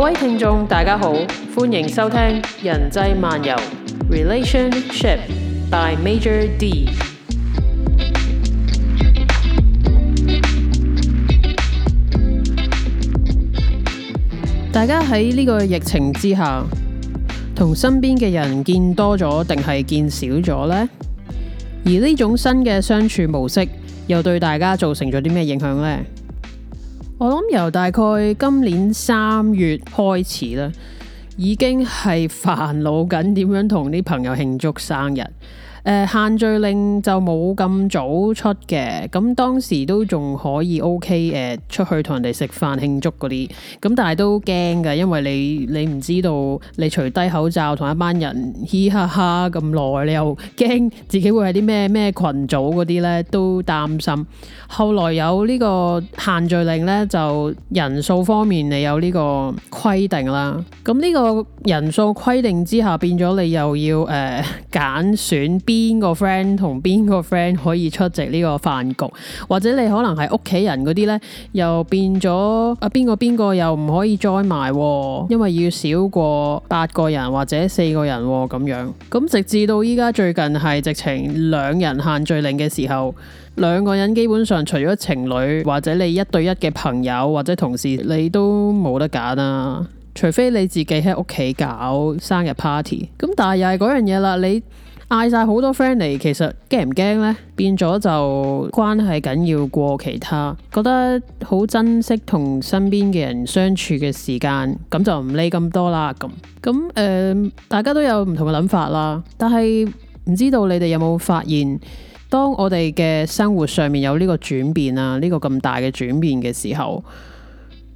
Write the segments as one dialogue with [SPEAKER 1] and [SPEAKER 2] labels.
[SPEAKER 1] 各位聽眾，大家好，歡迎收聽人際漫遊 Relationship by Major D。大家喺呢個疫情之下，同身邊嘅人見多咗定係見少咗呢？而呢種新嘅相處模式，又對大家造成咗啲咩影響呢？我諗由大概今年三月開始咧，已經係煩惱緊點樣同啲朋友慶祝生日。誒、呃、限聚令就冇咁早出嘅，咁當時都仲可以 OK 誒出去同人哋食飯慶祝嗰啲，咁但係都驚㗎，因為你你唔知道你除低口罩同一班人嘻哈哈咁耐，你又驚自己會係啲咩咩群組嗰啲呢，都擔心。後來有呢個限聚令呢，就人數方面你有呢個規定啦。咁呢個人數規定之下，變咗你又要誒揀、呃、選、選。邊個 friend 同邊個 friend 可以出席呢個飯局？或者你可能係屋企人嗰啲呢，又變咗啊？邊個邊個又唔可以 join 埋，因為要少過八個人或者四個人咁樣。咁直至到依家最近係直情兩人限聚令嘅時候，兩個人基本上除咗情侶或者你一對一嘅朋友或者同事，你都冇得揀啊。除非你自己喺屋企搞生日 party，咁但係又係嗰樣嘢啦，你。嗌晒好多 friend 嚟，其實驚唔驚呢？變咗就關係緊要過其他，覺得好珍惜同身邊嘅人相處嘅時間，咁就唔理咁多啦。咁咁誒，大家都有唔同嘅諗法啦。但係唔知道你哋有冇發現，當我哋嘅生活上面有呢個轉變啊，呢個咁大嘅轉變嘅時候。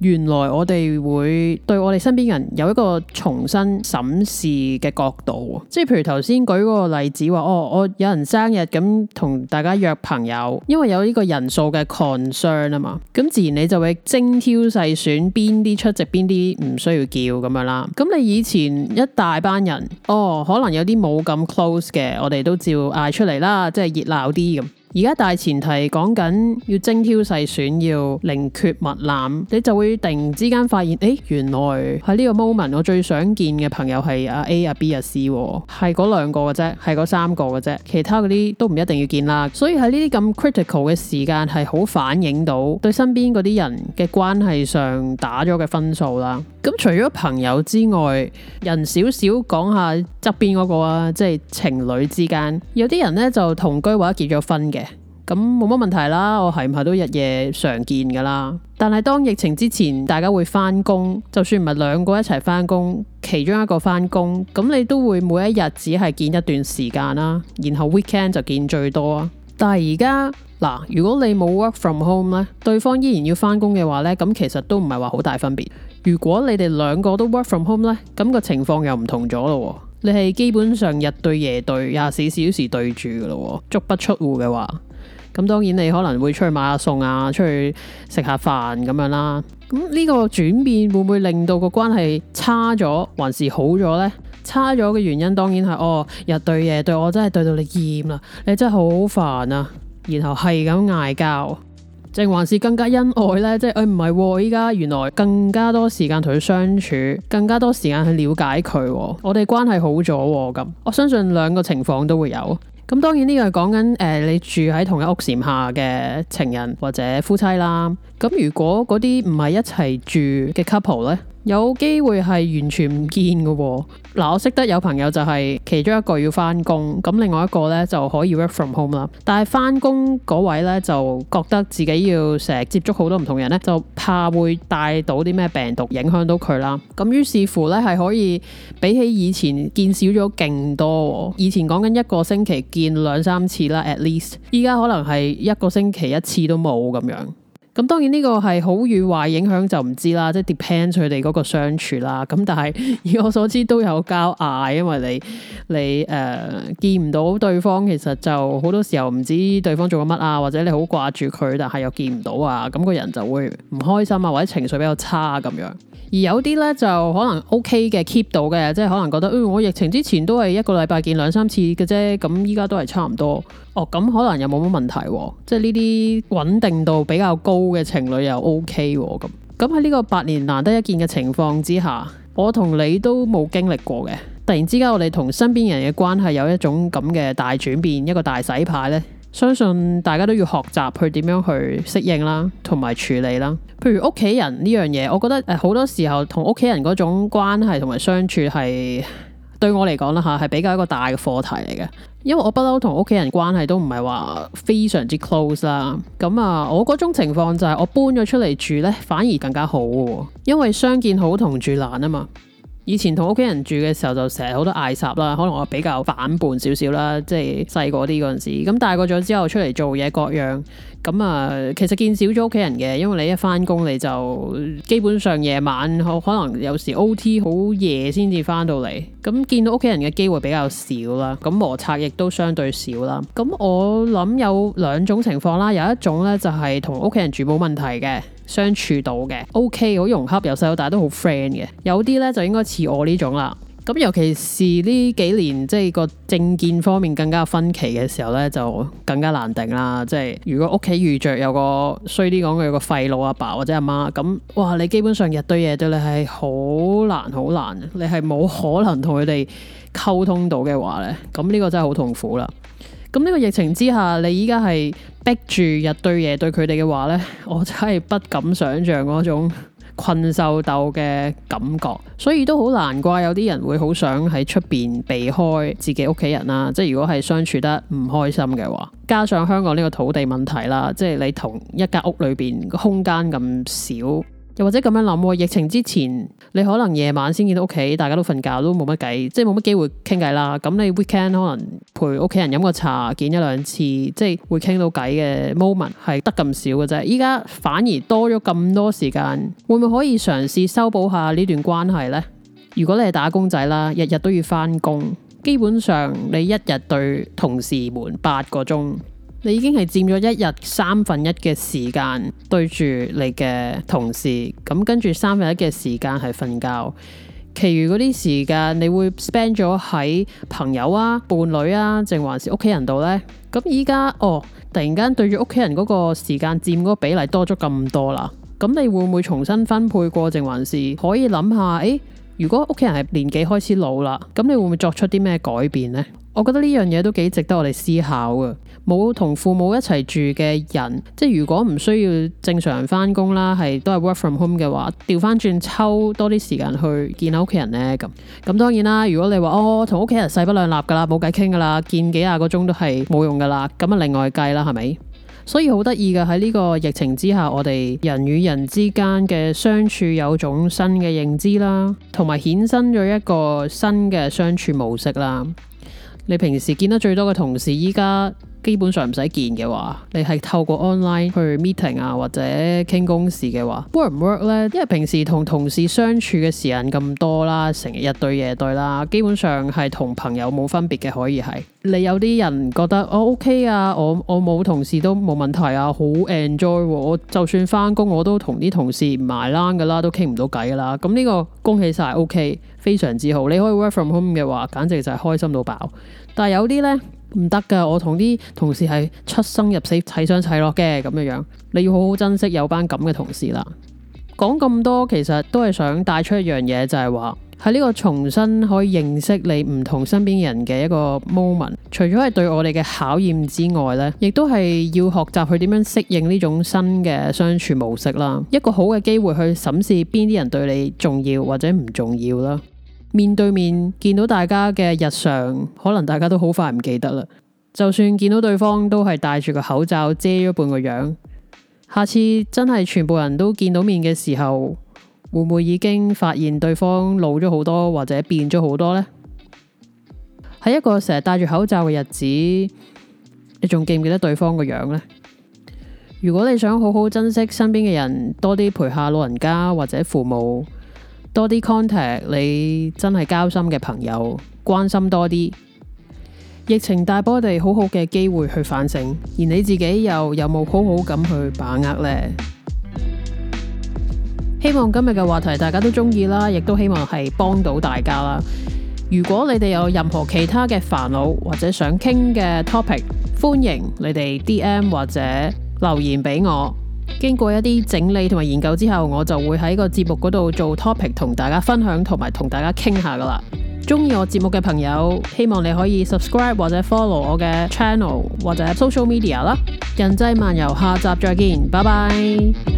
[SPEAKER 1] 原來我哋會對我哋身邊人有一個重新審視嘅角度，即係譬如頭先舉個例子話，哦，我有人生日咁同大家約朋友，因為有呢個人數嘅 concern 啊嘛，咁自然你就會精挑細選邊啲出席、邊啲唔需要叫咁樣啦。咁你以前一大班人，哦，可能有啲冇咁 close 嘅，我哋都照嗌出嚟啦，即係熱鬧啲咁。而家大前提講緊要精挑細選，要寧缺勿濫，你就會突然之間發現，誒，原來喺呢個 moment，我最想見嘅朋友係阿 A、阿 B、阿 C，係嗰兩個嘅啫，係嗰三個嘅啫，其他嗰啲都唔一定要見啦。所以喺呢啲咁 critical 嘅時間，係好反映到對身邊嗰啲人嘅關係上打咗嘅分數啦。咁除咗朋友之外，人少少講下側邊嗰個啊，即係情侶之間，有啲人呢就同居或者結咗婚嘅。咁冇乜問題啦，我係唔係都日夜常見㗎啦？但係當疫情之前，大家會返工，就算唔係兩個一齊返工，其中一個返工，咁你都會每一日只係見一段時間啦。然後 weekend 就見最多啊。但係而家嗱，如果你冇 work from home 咧，對方依然要返工嘅話呢，咁其實都唔係話好大分別。如果你哋兩個都 work from home 呢，咁個情況又唔同咗咯。你係基本上日對夜對，廿四小時對住㗎咯，足不出戶嘅話。咁當然你可能會出去買下餸啊，出去食下飯咁樣啦。咁呢個轉變會唔會令到個關係差咗，還是好咗呢？差咗嘅原因當然係哦，日對夜對，我真係對到你厭啦，你真係好煩啊。然後係咁嗌交，定還是更加恩愛呢？即係誒唔係，依家，原來更加多時間同佢相處，更加多時間去了解佢喎。我哋關係好咗喎，咁我相信兩個情況都會有。咁當然呢個係講緊你住喺同一屋檐下嘅情人或者夫妻啦。咁如果嗰啲唔係一齊住嘅 couple 呢？有機會係完全唔見嘅喎，哦，嗱，我識得有朋友就係其中一個要翻工，咁另外一個咧就可以 work from home 啦。但係翻工嗰位咧就覺得自己要成日接觸好多唔同人咧，就怕會帶到啲咩病毒影響到佢啦。咁於是乎咧係可以比起以前見少咗勁多，哦，以前講緊一個星期見兩三次啦，at least，依家可能係一個星期一次都冇咁樣。咁當然呢個係好與壞影響就唔知啦，即係 depend 佢哋嗰個相處啦。咁但係以我所知都有交嗌，因為你你誒、呃、見唔到對方，其實就好多時候唔知對方做緊乜啊，或者你好掛住佢，但係又見唔到啊，咁個人就會唔開心啊，或者情緒比較差咁、啊、樣。而有啲咧就可能 O K 嘅 keep 到嘅，即係可能覺得，嗯、哎，我疫情之前都係一個禮拜見兩三次嘅啫，咁依家都係差唔多哦。咁可能又冇乜問題，哦、即係呢啲穩定度比較高嘅情侶又 O K 咁。咁喺呢個百年難得一見嘅情況之下，我同你都冇經歷過嘅，突然之間我哋同身邊人嘅關係有一種咁嘅大轉變，一個大洗牌呢。相信大家都要學習去點樣去適應啦，同埋處理啦。譬如，屋企人呢樣嘢，我覺得誒，好多時候同屋企人嗰種關係同埋相處係對我嚟講啦，吓係比較一個大嘅課題嚟嘅。因為我不嬲同屋企人關係都唔係話非常之 close 啦。咁啊，我嗰種情況就係我搬咗出嚟住呢，反而更加好嘅啊，因為相見好同住難啊嘛。以前同屋企人住嘅時候就成日好多嗌霎啦，可能我比較反叛少少啦，即係細個啲嗰陣時。咁大個咗之後出嚟做嘢各樣，咁啊其實見少咗屋企人嘅，因為你一返工你就基本上夜晚可能有時 O.T. 好夜先至返到嚟，咁見到屋企人嘅機會比較少啦，咁摩擦亦都相對少啦。咁我諗有兩種情況啦，有一種咧就係同屋企人住冇問題嘅。相處到嘅，OK，好融洽，由細到大都好 friend 嘅。有啲咧就應該似我呢種啦。咁尤其是呢幾年即係個政見方面更加分歧嘅時候咧，就更加難定啦。即係如果屋企遇着有個衰啲講有個廢老阿爸，爸或者阿媽，媽，咁哇，你基本上日對夜對你係好難好難，你係冇可能同佢哋溝通到嘅話咧，咁呢個真係好痛苦啦。咁呢個疫情之下，你依家係？逼住日對夜對佢哋嘅話呢，我真係不敢想象嗰種困獸鬥嘅感覺，所以都好難怪有啲人會好想喺出邊避開自己屋企人啦。即係如果係相處得唔開心嘅話，加上香港呢個土地問題啦，即係你同一間屋裏邊空間咁少。又或者咁樣諗，疫情之前你可能夜晚先見到屋企，大家都瞓覺都冇乜計，即係冇乜機會傾偈啦。咁你 weekend 可能陪屋企人飲個茶，見一兩次，即係會傾到偈嘅 moment 係得咁少嘅啫。而家反而多咗咁多時間，會唔會可以嘗試修補下呢段關係呢？如果你係打工仔啦，日日都要返工，基本上你一日對同事們八個鐘。你已經係佔咗一日三分一嘅時間對住你嘅同事，咁跟住三分一嘅時間係瞓覺，其餘嗰啲時間你會 spend 咗喺朋友啊、伴侶啊，定還是屋企人度呢？咁依家哦，突然間對住屋企人嗰個時間佔嗰個比例多咗咁多啦，咁你會唔會重新分配過，定還是可以諗下？誒，如果屋企人係年紀開始老啦，咁你會唔會作出啲咩改變呢？我覺得呢樣嘢都幾值得我哋思考嘅。冇同父母一齊住嘅人，即係如果唔需要正常人返工啦，係都係 work from home 嘅話，掉返轉抽多啲時間去見下屋企人呢。咁咁當然啦。如果你話哦，同屋企人勢不兩立噶啦，冇計傾噶啦，見幾廿個鐘都係冇用噶啦。咁啊，另外計啦，係咪？所以好得意嘅喺呢個疫情之下，我哋人與人之間嘅相處有種新嘅認知啦，同埋衍生咗一個新嘅相處模式啦。你平時見得最多嘅同事，而家。基本上唔使見嘅話，你係透過 online 去 meeting 啊或者傾公事嘅話，work 唔 work 呢？因為平時同同事相處嘅時間咁多啦，成日對夜對啦，基本上係同朋友冇分別嘅可以係。你有啲人覺得我、哦、OK 啊，我我冇同事都冇問題啊，好 enjoy，、啊、我就算返工我都同啲同事埋欄噶啦，都傾唔到偈噶啦。咁呢個恭喜晒，OK，非常之好。你可以 work from home 嘅話，簡直就係開心到爆。但係有啲呢。唔得㗎，我同啲同事係出生入死、齊相齊落嘅咁樣樣，你要好好珍惜有班咁嘅同事啦。講咁多，其實都係想帶出一樣嘢，就係話喺呢個重新可以認識你唔同身邊人嘅一個 moment。除咗係對我哋嘅考驗之外，呢亦都係要學習去點樣適應呢種新嘅相處模式啦。一個好嘅機會去審視邊啲人對你重要或者唔重要啦。面對面見到大家嘅日常，可能大家都好快唔記得啦。就算見到對方，都係戴住個口罩遮咗半個樣。下次真係全部人都見到面嘅時候，會唔會已經發現對方老咗好多或者變咗好多呢？喺一個成日戴住口罩嘅日子，你仲記唔記得對方個樣呢？如果你想好好珍惜身邊嘅人，多啲陪下老人家或者父母。多啲 contact，你真係交心嘅朋友，關心多啲。疫情帶俾我哋好好嘅機會去反省，而你自己又有冇好好咁去把握呢？ 希望今日嘅話題大家都鍾意啦，亦都希望係幫到大家啦。如果你哋有任何其他嘅煩惱或者想傾嘅 topic，歡迎你哋 DM 或者留言俾我。經過一啲整理同埋研究之後，我就會喺個節目嗰度做 topic 同大家分享，同埋同大家傾下㗎喇。中意我節目嘅朋友，希望你可以 subscribe 或者 follow 我嘅 channel 或者 social media 啦。人際漫遊，下集再見，拜拜。